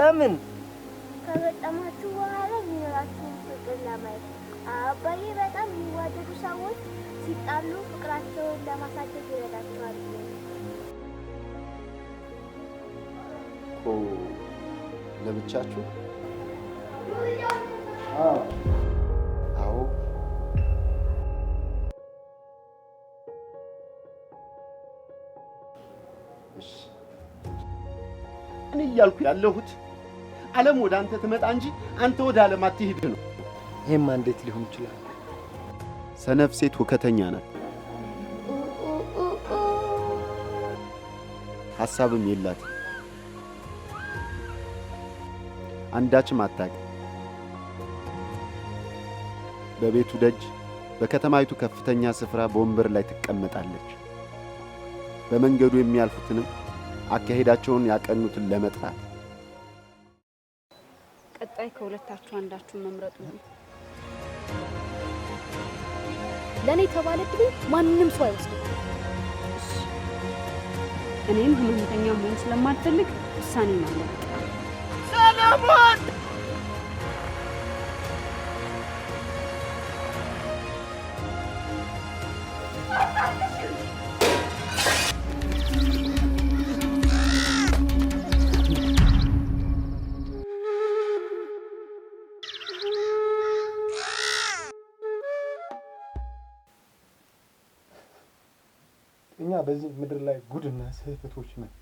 ለምን ከገጠማችሁ በኋላ የሚኖራችሁን ፍቅር ለማየት አባዬ በጣም የሚዋደዱ ሰዎች ሲጣሉ ፍቅራቸውን ለማሳደግ ይረዳቸዋል። ለብቻችሁ? አዎ። እኔ እያልኩ ያለሁት ዓለም ወደ አንተ ትመጣ እንጂ አንተ ወደ ዓለም አትሄድ ነው። ይሄማ እንዴት ሊሆን ይችላል? ሰነፍ ሴት ሁከተኛ ናት። ሐሳብም የላት አንዳችም አታውቅም። በቤቱ ደጅ በከተማይቱ ከፍተኛ ስፍራ በወንበር ላይ ትቀመጣለች። በመንገዱ የሚያልፉትንም አካሄዳቸውን ያቀኑትን ለመጥራት ቀጣይ ከሁለታችሁ አንዳችሁ መምረጡ ነው። ለእኔ የተባለ ድል ማንም ሰው አይወስድም። እኔም ህመምተኛ መሆን ስለማልፈልግ ውሳኔ ነው። ሰላማ እኛ በዚህ ምድር ላይ ጉድና ስህተቶች ነን።